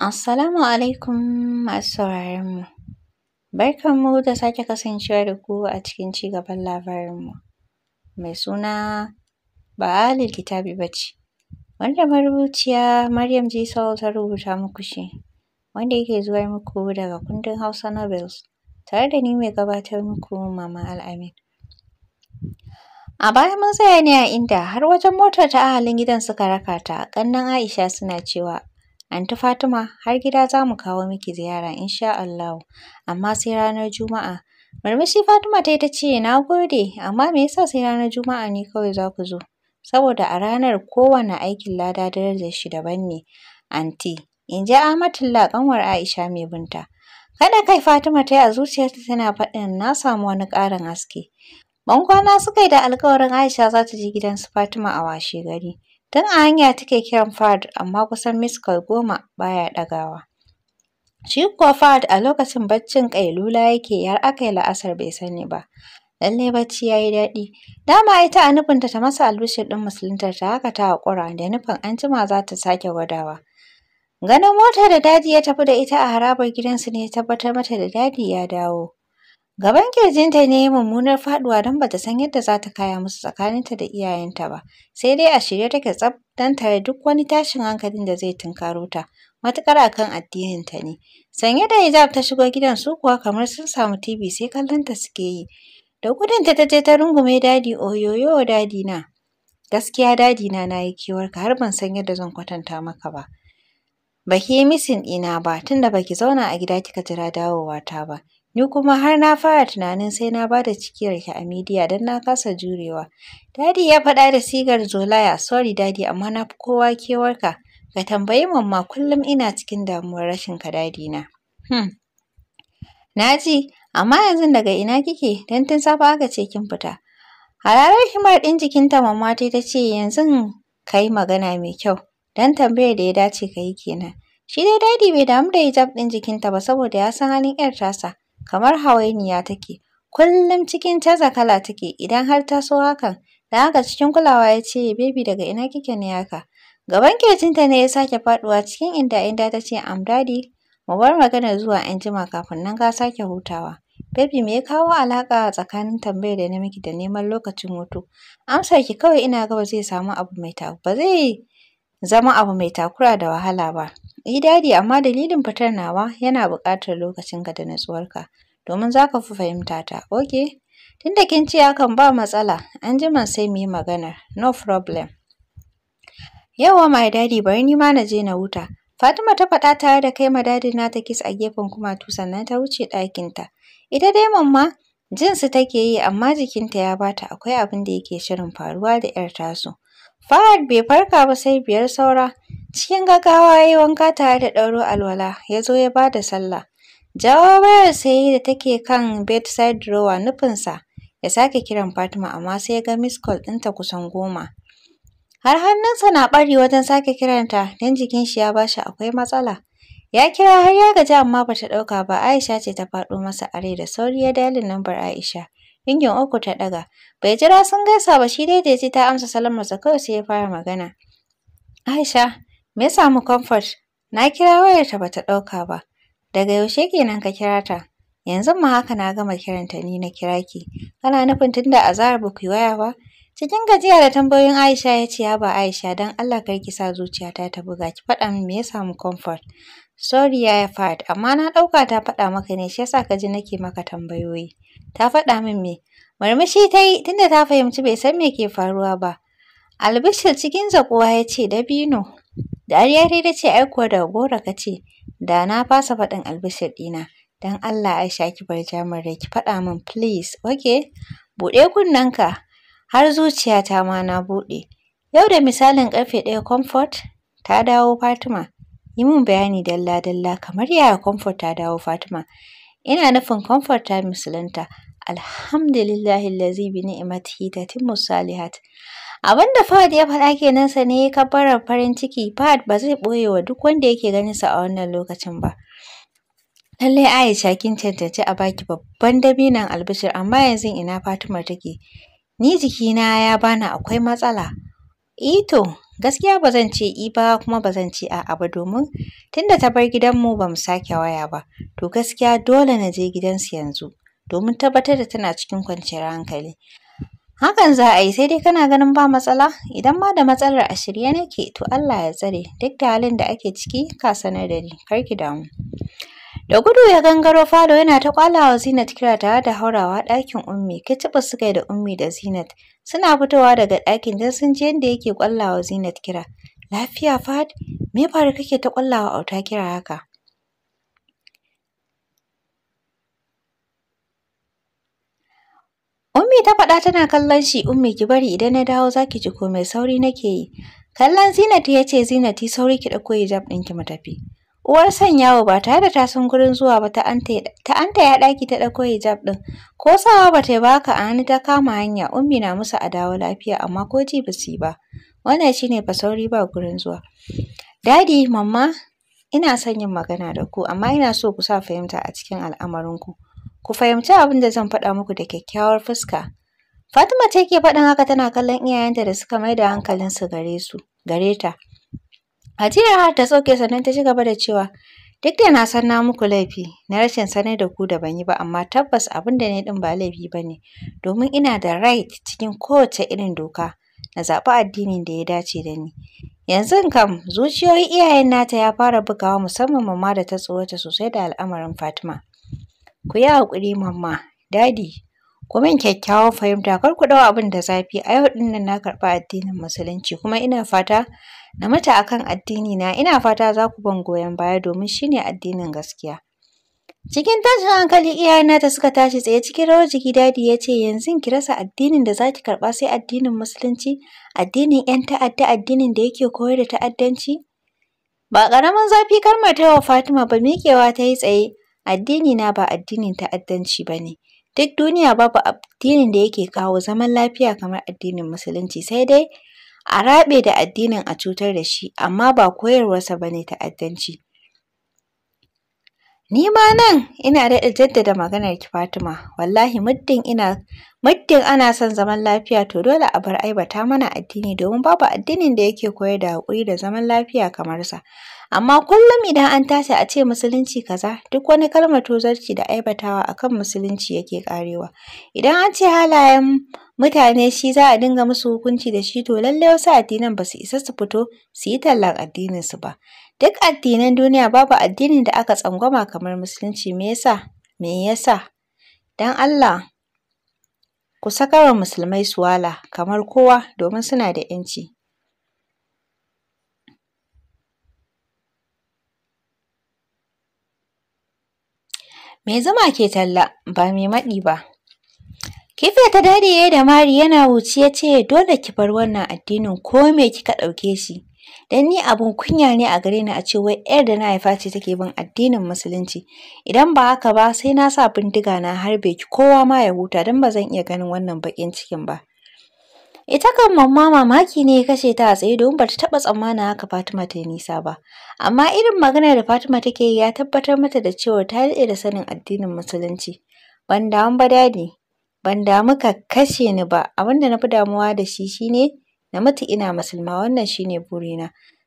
Assalamu alaikum masu sauraron mu. Barkan mu da sake kasancewa da ku a cikin cigaban labarin mu. Mai suna ba kitabi bace. Wanda marubuciya Maryam Jisau ta rubuta muku shi. Wanda yake zuwa muku daga kundin Hausa Novels. Tare da ni mai gabatar muku Mama Al-Amin. A baya mun tsaya ne a inda har wajen motar ta ahalin gidan suka raka ta, ƙannen Aisha suna cewa Anti Fatima har gida za mu kawo miki ziyara insha Allahu amma sai ranar Juma'a. Murmushi Fatima ta yi ta ce na gode amma me yasa sai ranar Juma'a ne kawai za ku zo? Saboda a ranar kowane aikin lada darajar shi daban ne anti. In ji Ahmadullah ƙanwar Aisha mai binta. Kada kai Fatima ta yi a zuciyarta tana faɗin na samu wani ƙarin haske. Bankwana suka yi da alƙawarin Aisha za ta je gidan su Fatima a washe gari. Don a hanya take kiran Fahad amma kusan miskal goma baya ɗagawa. Shi kuwa Fahad a lokacin baccin ƙailula yake har aka yi la'asar bai sani ba. Lallai bacci ya yi daɗi. Dama ita a nufinta ta masa albishir ɗin musuluntar ta haka ta haƙura da nufin an jima za ta sake gwadawa. Ganin mota da daji ya tafi da ita a harabar gidansu ne ya tabbatar mata da dadi ya dawo. Gaban ƙirjinta ne ya yi mummunar faɗuwa don bata san yadda za ta kaya musu tsakaninta da iyayenta ba, sai dai a shirye take tsaf don tare duk wani tashin hankalin da zai tunkaro ta, matuƙar a kan addininta ne. Sanye da hijab ta shigo gidan su kuwa kamar sun samu TV sai kallonta suke yi. Da gudunta ta je ta rungume dadi oyoyo dadi na. Gaskiya dadi na na yi kewarka har ban san yadda zan kwatanta maka ba. Baki yi misin ɗina ba tunda baki zauna a gida kika jira ta ba. Ni kuma har na fara tunanin sai na bada da cikiyarki a midiya don na kasa jurewa. Dadi ya faɗa da sigar zolaya, sorry dadi amma na fi kowa kewarka. Ka tambayi mamma kullum ina cikin damuwar rashin ka dadina. Hmm. Na ji, amma yanzu daga ina kike don tun safe aka ce kin fita. Hararar himar ɗin jikinta mamma ta ta ce yanzu ka yi magana mai kyau don tambayar da ya dace ka yi kenan. Shi dai dadi bai damu da hijab ɗin jikinta ba saboda ya san halin 'yar tasa. kamar hawainiya take kullum cikin caza kala take idan har ta so hakan da haka cikin kulawa ya ce baby daga ina kike ne haka gaban kirjinta ne ya sake faduwa cikin inda inda ta ce am daddy mu bar maganar zuwa an jima kafin nan ka sake hutawa baby me ya kawo alaka tsakanin tambayar da na miki da neman lokacin hutu amsar ki kawai ina ga ba zai samu abu mai ta ba zai zama abu mai takura da wahala ba. Yi dadi amma dalilin fitar nawa yana buƙatar lokacinka da natsuwarka domin za ka fi fahimta ta. Ok, tunda kin ce hakan ba matsala, an jima sai mu yi magana. no problem. Yawwa my dadi bari ni ma na je na huta. Fatima ta faɗa tare da kai ma dadin nata kis a gefen kumatu sannan ta wuce ɗakinta. Ita dai mamma Jinsu take yi amma jikinta ya bata akwai abin da yake shirin faruwa da 'yar tasu. Fahad bai farka ba sai biyar saura. Cikin gaggawa ya yi wanka tare da ɗauro alwala, ya zo ya bada sallah. Jawo wayar sayi da take kan bedside drawer nufinsa ya sake kiran Fatima amma sai ya ga miss call ɗinta kusan goma. Har hannunsa na ɓari wajen sake kiranta don jikin shi ya bashi akwai matsala. Ya kira har ya gaji amma ta ɗauka ba Aisha ce ta faɗo masa a rai da sauri ya dalin lambar Aisha. Ringin uku ta ɗaga. Bai jira sun gaisa ba shi dai ji ta amsa salon salamarsa kawai sai ya fara magana. Aisha, me ya samu comfort? Na kira wayarta bata ɗauka ba. Daga yaushe kenan ka kira ta? Yanzu ma haka na gama kiranta ni na kira ki. Kana nufin tunda azahar ba ku yi waya ba? Cikin gajiya da tambayoyin Aisha ya ce, ba Aisha, don Allah kar ki sa zuciyata ta buga, ki faɗa min me ya samu comfort. Sorry ya Fahad, amma na ɗauka ta faɗa maka ne shi yasa ka ji nake maka tambayoyi. Ta faɗa min me? Murmushi ta yi tunda ta fahimci bai san me ke faruwa ba. Albishir cikin zaƙuwa ya ce dabino. Da dai ta ce ai kuwa da gora ka ce da na fasa faɗin albishir ɗina. dan Allah Aisha ki bar jamar rai ki faɗa min please oke Buɗe kunnenka har zuciyata ma na buɗe. Yau da misalin ƙarfe ɗaya comfort ta dawo Fatima. Yi mun bayani dalla dalla kamar yaya Comfort ta dawo Fatima. Ina nufin Comfort ta musulunta. Alhamdulillahi lazi bi ni'imatihi tatimmu salihat. Abin Abinda Fahad ya faɗa kenan sa ne kabbarar farin ciki Fahad ba zai ɓoye wa duk wanda yake ganin sa a wannan lokacin ba. Lallai Aisha kin cancanci a baki babban dabinon albishir amma yanzu ina Fatima take. Ni jikina ya bani akwai matsala. Ito Gaskiya ba zan ce i ba kuma ba zan ce a'a ba domin tunda ta bar gidanmu ba mu sake waya ba. To gaskiya dole na je gidansu yanzu domin tabbatar da tana cikin kwanciyar hankali. Hakan za a yi sai dai kana ganin ba matsala? Idan ma da matsalar a shirye nake to Allah ya tsare duk da halin da ake ciki ka sanar da ni kar ki damu. Da gudu ya gangaro falo yana ta kwalawa Zinat kira tare da haurawa ɗakin Ummi. Kiciɓa suka da Ummi da Zinat. Suna fitowa daga ɗakin don sun ji yadda yake kwallawa Zinat kira. Lafiya Fahad, me faru kake ta kwallawa auta kira haka? Ummi ta faɗa tana kallon shi, Ummi ki bari idan na dawo zaki ki ji komai sauri nake yi. Kallon Zinat ya ce Zinat sauri ki ɗauko hijab ɗinki mu tafi. Uwar sanyawa ba tare da ta san gurin zuwa ba ta anta ya ɗaki ta ɗauko hijab ɗin. Ko sawa ba ta yi ba a hannu ta kama hanya ummi na musu a dawo lafiya amma ko ji ba su ba. Wannan shine ne fasauri ba gurin zuwa. Dadi, mamma, ina son yin magana da ku amma ina so ku sa fahimta a cikin al'amarinku. Ku fahimci abin da zan faɗa muku da kyakkyawar fuska. Fatima ce faɗin haka tana kallon iyayenta da suka maida hankalinsu gare su, gare ta. Hajiyar har ta sauke sannan ta ci gaba da cewa duk da na san na muku laifi na rashin sanar da ku da ban yi ba amma tabbas abin da na yi ɗin ba laifi ba ne domin ina da right cikin kowace irin doka na zaɓi addinin da ya dace da ni. Yanzu kam zuciyoyi iyayen nata ya fara bugawa musamman mamma da ta tsorata sosai da al'amarin Fatima. Ku yi hakuri mamma, dadi Ku min kyakkyawan fahimta kar ku ɗau abin da zafi a yau ɗin nan na karɓi addinin musulunci kuma ina fata na mutu akan addini na ina fata za ku ban goyon baya domin shine addinin gaskiya. Cikin tashin hankali iyayena ta suka tashi tsaye cikin rawar jiki dadi ya ce yanzu ki rasa addinin da za ki karɓa sai addinin musulunci addinin 'yan ta'adda addinin da yake koyar da ta'addanci. Ba ƙaramin zafi kalmar ta wa Fatima ba miƙewa ta yi tsaye addini na ba addinin ta'addanci ba ne. Duk duniya babu addinin da yake kawo zaman lafiya kamar addinin Musulunci sai dai a raɓe da addinin a cutar da shi amma ba koyarwarsa ba ne ta'addanci. Ni ma nan ina daɗa jaddada maganar ki Fatima, wallahi muddin ina muddin ana son zaman lafiya to dole a bar aibata mana addini domin babu addinin da yake koyar da haƙuri da zaman lafiya kamar sa. Amma kullum idan an tashi a ce musulunci kaza, duk wani kalmar tozarci da aibatawa akan musulunci yake ƙarewa. Idan an ce halayen mutane shi za a dinga musu hukunci da shi to lallai wasu addinan ba su isa su fito su yi tallan addininsu ba. Duk addinan duniya babu addinin da aka tsangwama kamar Musulunci me yasa? Me yasa? Don Allah ku sakawa musulmai su wala kamar kowa domin suna da ƴanci. Me zuma ke talla ba mai maɗi ba. Kife ta dadi yayi da mari yana wuce ya ce dole ki bar wannan addinin ko me kika ɗauke shi. Dan ni abun kunya ne a gare ni a ce wai ‘yar da na haifa ce take bin addinin Musulunci. Idan ba haka ba sai na sa bindiga na harbe ki kowa ma ya huta dan ba zan iya ganin wannan baƙin cikin ba. Ita kan mamma mamaki ne ya kashe ta a tsaye ba bata taɓa tsammana haka Fatima ta yi nisa ba. Amma irin maganar da Fatima take yi ya tabbatar mata da cewa ta daɗe da sanin addinin Musulunci. Ban damu ba dadi, ban damu ka kashe ni ba, abin da na fi damuwa da shi shine na mutu ina musulma wannan shine burina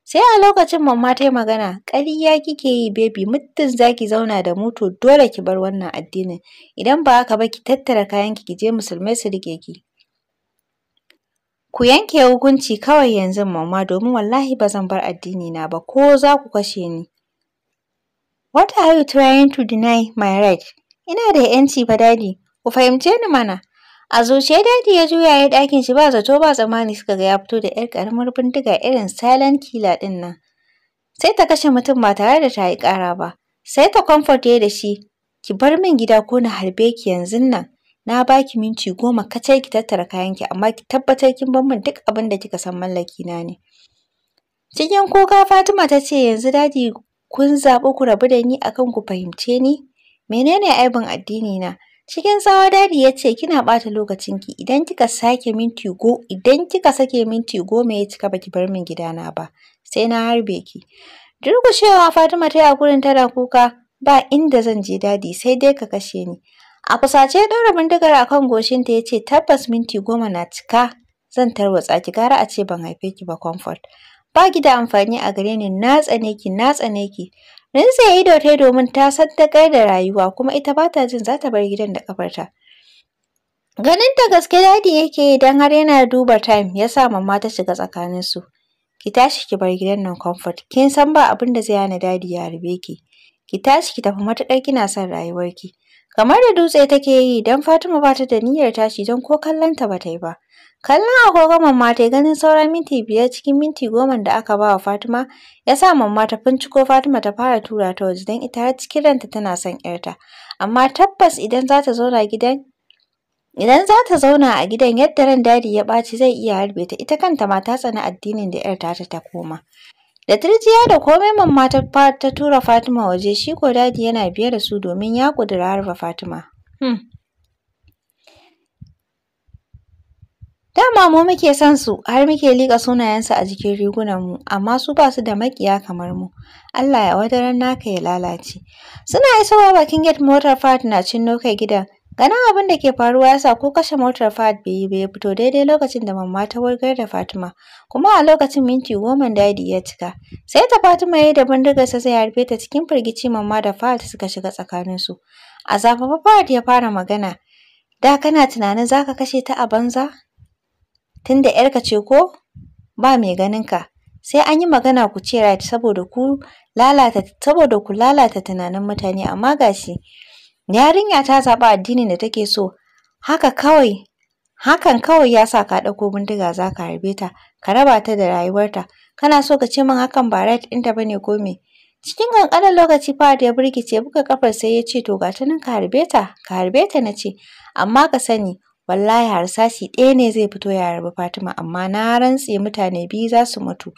sai a lokacin mamma ta yi magana ƙarya kike yi baby muddin zaki zauna da mu to dole ki bar wannan addinin idan ba haka ba ki tattara kayanki ki je musulmai su rike ki ku yanke hukunci kawai yanzu mamma domin wallahi ba zan bar addini na ba ko za ku kashe ni what are you trying to deny my right ina da ƴanci fa daddy ku fahimce ni mana A zuciya dadi ya juya ya ɗakin shi ba zato ba tsammani suka ga ya fito da ‘yar ƙaramar bindiga irin silent killer ɗin nan. Sai ta kashe mutum ba tare da ta yi ƙara ba. Sai ta comfort ya da shi, ki bar min gida ko na harbe ki yanzu nan. Na ba ki minti goma kacal ki tattara kayanki amma ki tabbatar kin bar min duk abin da kika san mallaki na ne. Cikin kuka Fatima ta ce yanzu dadi kun zaɓi ku rabu da ni akan ku fahimce ni? Menene aibin addini na? Cikin tsawon dadi ya ce kina ɓata lokacinki idan kika sake minti go idan kika sake minti goma ya cika baki bar min gidana ba sai na harbe ki. Durgushewa Fatima ta yi a gurin tana kuka ba inda zan je dadi sai dai ka kashe ni. A kusace ya ɗaura bindigar a kan goshinta ya ce tabbas minti goma na cika zan tarwatsa ki gara a ce ban haife ki ba comfort. Ba ki da amfani a gare ni na tsane ki na tsane ki Rinsa ya yi yi domin ta saddakar da rayuwa kuma ita ba ta jin za ta bar gidan da kafarta. Ganin ta gaske dadi yake yi don har yana duba time ya sa mamma ta shiga tsakaninsu. Ki tashi ki bar gidan nan comfort, kin san ba abin da zai hana dadi ya harbe ki. Ki tashi ki tafi matuƙar kina son rayuwarki. Kamar da dutse take yi don Fatima ba ta da niyyar tashi don ko kallon ta ba ta yi ba. Kallon agogon Mamma ta ganin saura minti biyar cikin minti goma da aka ba wa Fatima ya sa Mamma ta finciko Fatima ta fara tura ta waje don ita har cikin ranta tana son 'yarta. Amma tabbas idan za ta zauna gidan Idan za ta zauna a gidan yadda ran dadi ya ɓaci zai iya harbe ta ita kanta ma ta tsani addinin da 'yarta ta ta koma. Da turjiya da komai Mamma ta ta tura Fatima waje shi ko dadi yana biye da su domin ya ƙudiri harba Fatima. Hmm. Dama mu muke son su har muke liƙa sunayensu a jikin rigunan mu, amma su ba su da maƙiya kamar mu. Allah ya wadaran naka ya lalace. Suna isowa bakin gate motar fat na cin kai gidan. Ganin abin da ke faruwa ya sa ko kashe motar fat bai yi ba fito daidai lokacin da mamma ta wargar da Fatima. Kuma a lokacin minti goma dadi ya cika. Sai ta Fatima ya yi da bindiga sai ya harbe ta cikin firgici mamma da fat suka shiga tsakaninsu. A zafafa fat ya fara magana. Da kana tunanin za ka kashe ta a banza? tunda ‘yarka ce ko ba mai ganin ka sai an yi magana ku ce right saboda ku lalata saboda ku lalata tunanin mutane amma gashi yarinya ta zaba addinin da take so haka kawai hakan kawai ya sa ka dauko bindiga za ka harbe ta ka raba ta da rayuwarta kana so ka ce min hakan ba right ɗinta ba ne ko me cikin kankanin lokaci da ya birkice buga kafar sai ya ce to ga ka harbe ta ka harbe ta na ce amma ka sani wallahi harsashi ɗaya ne zai fito ya rabu Fatima amma na rantse mutane biyu za su mutu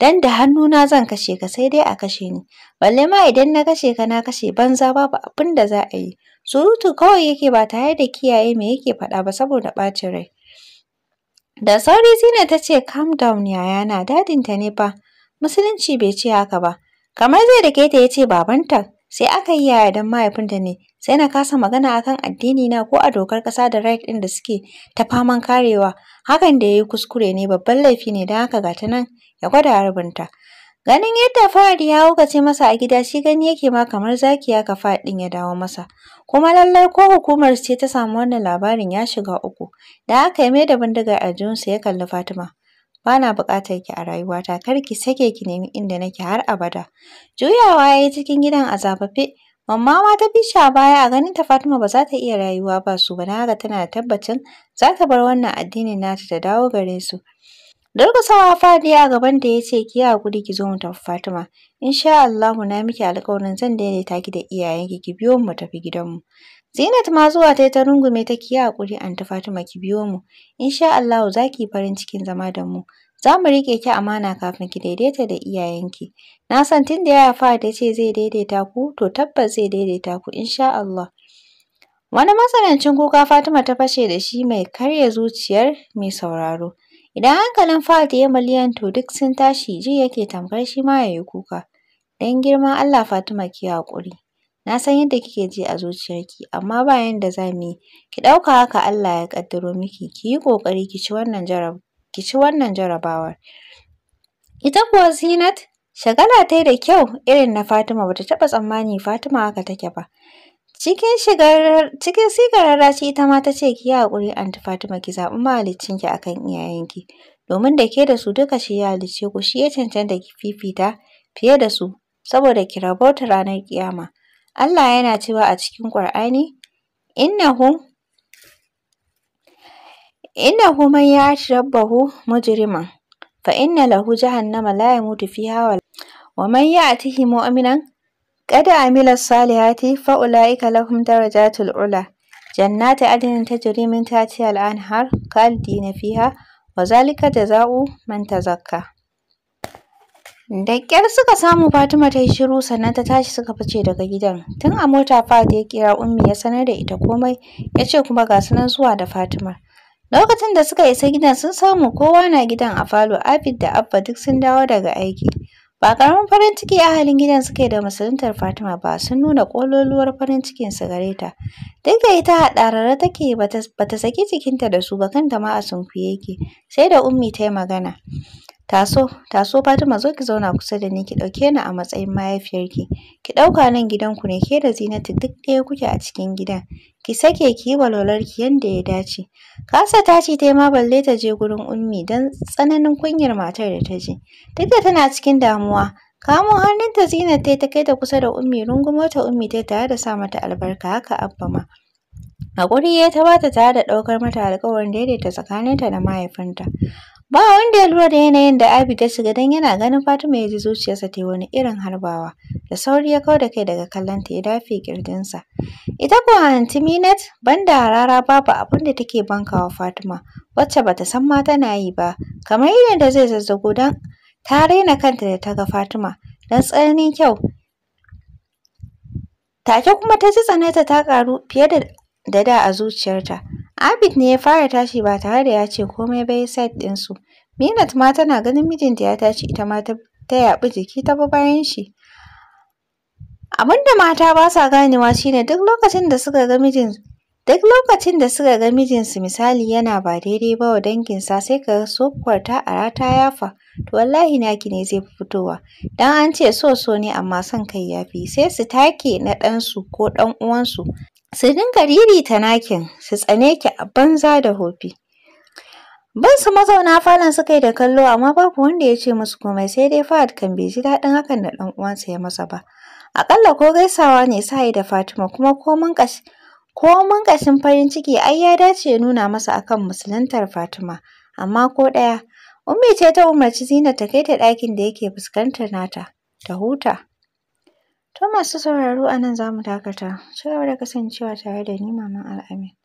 dan da hannuna zan kashe ka sai dai a kashe ni balle ma idan na kashe ka na kashe banza babu abin da za a yi surutu kawai yake ba tare da kiyaye me yake faɗa ba saboda ɓacin rai da sauri Zina ta ce calm down yayana dadinta ne fa musulunci bai ce haka ba kamar zai dake ta ya ce babanta sai aka yi yaya don mahaifinta ne sai na kasa magana akan addini na ko a dokar ƙasa da right ɗin da suke ta faman karewa hakan da yayi kuskure ne babban laifi ne don haka gata nan ya gwada harbinta ganin yadda fahad ya ce masa a gida shi gani yake ma kamar zakiya ka fahad ya dawo masa kuma lallai ko hukumar ce ta samu wannan labarin ya shiga uku da haka ya bindiga a aljihunsa ya kalli fatima Bana buƙatar ki a rayuwata, kar ki sake ki nemi inda nake har abada. Juyawa yayi cikin gidan a zafafe. Mamma ma ta bi shi a baya a ganin ta Fatima ba za ta iya rayuwa ba su ba na haka tana da tabbacin za ta bar wannan addinin nata ta dawo gare su. Durƙusawa Fadiya a gaban da yace ki yi haƙuri ki zo mu tafi Fatima. Insha Allahu na miki alƙawarin zan daidaita ki da iyayenki ki biyo mu mu tafi gidanmu. Zinat ma zuwa ta yi ta rungume ta ki yi haƙuri anti Fatima ki biyo mu. Insha Allahu za ki yi farin cikin zama da mu. Za mu riƙe ki amana kafin ki daidaita da iyayenki. Na san tun da yaya Fahad ya ce zai daidaita ku to tabbas zai daidaita ku insha Allah. Wani matsanancin kuka Fatima ta fashe da shi mai karya zuciyar mai sauraro. Idan hankalin Fahad ya miliyan to duk sun tashi ji yake tamkar shi ma ya yi kuka. Don girma Allah Fatima ki yi haƙuri. Na san yadda kike ji a zuciyarki amma ba yanda za mu yi. Ki ɗauka haka Allah ya ƙaddaro miki, ki yi ƙoƙari ki ci wannan jarab ki ci wannan jarabawar. Ita kuwa Zinat shagala ta yi da kyau irin na Fatima ba ta taɓa tsammani Fatima haka take ba. Cikin shigar cikin sigar ita ma ta ce ki yi haƙuri Aunty Fatima ki zaɓi mahaliccinki a kan iyayenki domin da ke da su duka shi ya halicce ku shi ya cancanta ki fifita fiye da su saboda ki rabauta ranar ƙiyama. Allah yana cewa a cikin Ƙur'ani, innahu innahu man yash mujriman fa inna lahu jahannama la yamutu fiha wa man ya'tihi mu'minan qad amila salihati fa ulaika lahum darajatul ula jannati adnin tajri min tahtiha al-anhar khalidina fiha wa zalika jazaa'u man tazakka Da ƙyar suka samu Fatima ta yi shiru sannan ta tashi suka fice daga gidan. Tun a mota Fahad ya kira Ummi ya sanar da ita komai ya ce kuma ga su zuwa da Fatima. Lokacin da suka isa gidan sun samu kowa na gidan a falo Abid da Abba duk sun dawo daga aiki. Ba ƙaramin farin ciki ahalin gidan suke da musuluntar Fatima ba sun nuna ƙololuwar farin cikin su gare ta. Duk da ita a ɗarare take ba ta saki jikinta da su ba kanta ma a sunkuye yake sai da Ummi ta yi magana. Taso, taso Fatima zo ki zauna kusa da ni ki ɗauke ni a matsayin mahaifiyarki. Ki ɗauka nan gidanku ne ke da Zinatu duk ɗaya kuke a cikin gidan. Ki sake ki yi ki yadda ya dace. Kasa ce ta ma balle ta je gurin Ummi dan tsananin kunyar matar da ta je. Duk da tana cikin damuwa, kamo hannunta Zinat ta kai ta kusa da Ummi rungumo ta Ummi ta tare da sa mata albarka haka Abba ma. Hakuri ya ta bata tare da ɗaukar mata alƙawarin daidaita tsakaninta da mahaifinta. Ba wanda ya lura da yanayin da Abi ta shiga don yana ganin Fatima ya ji zuciyarsa ta yi wani irin harbawa. Da sauri ya kau da kai daga kallon ta ya dafe ƙirjinsa. Ita kuwa Aunty ban banda rara babu abin da take bankawa Fatima wacce bata san ma tana yi ba. Kamar yadda zai zazzago don ta raina kanta da ta ga Fatima don tsananin kyau. Take kuma ta ji tsananta ta ƙaru fiye da da a zuciyarta. Abid ne ya fara tashi ba tare da ya ce komai ba ya side ɗinsu. Minat ma tana ganin mijinta ya tashi ita ma ta yaɓi jiki ta bi bayan shi. Abinda mata ba sa ganewa shine duk lokacin da suka ga mijin duk lokacin da suka ga mijinsu misali yana ba daidai ba wa danginsa sai ka ga ta arata yafa. To wallahi naki ne zai fi fitowa. Dan an ce so so ne amma son kai ya fi sai su take na ɗansu ko ɗan uwansu. su dinga ririta nakin su tsane ki a banza da hofi ban su mazauna falon suka yi da kallo amma babu wanda ya ce musu komai sai dai Fahad kan bai ji daɗin hakan da ɗan uwansa ya masa ba aƙalla ko gaisawa ne sa'i da Fatima kuma komin ƙashi komin ƙashin farin ciki ai ya dace ya nuna masa akan musuluntar Fatima amma ko ɗaya Ummi ce ta umarci zina ta kai ta ɗakin da yake fuskantar nata ta huta To masu sauraro a nan za mu dakata. Ci gaba da kasancewa tare da ni Maman Al'amin.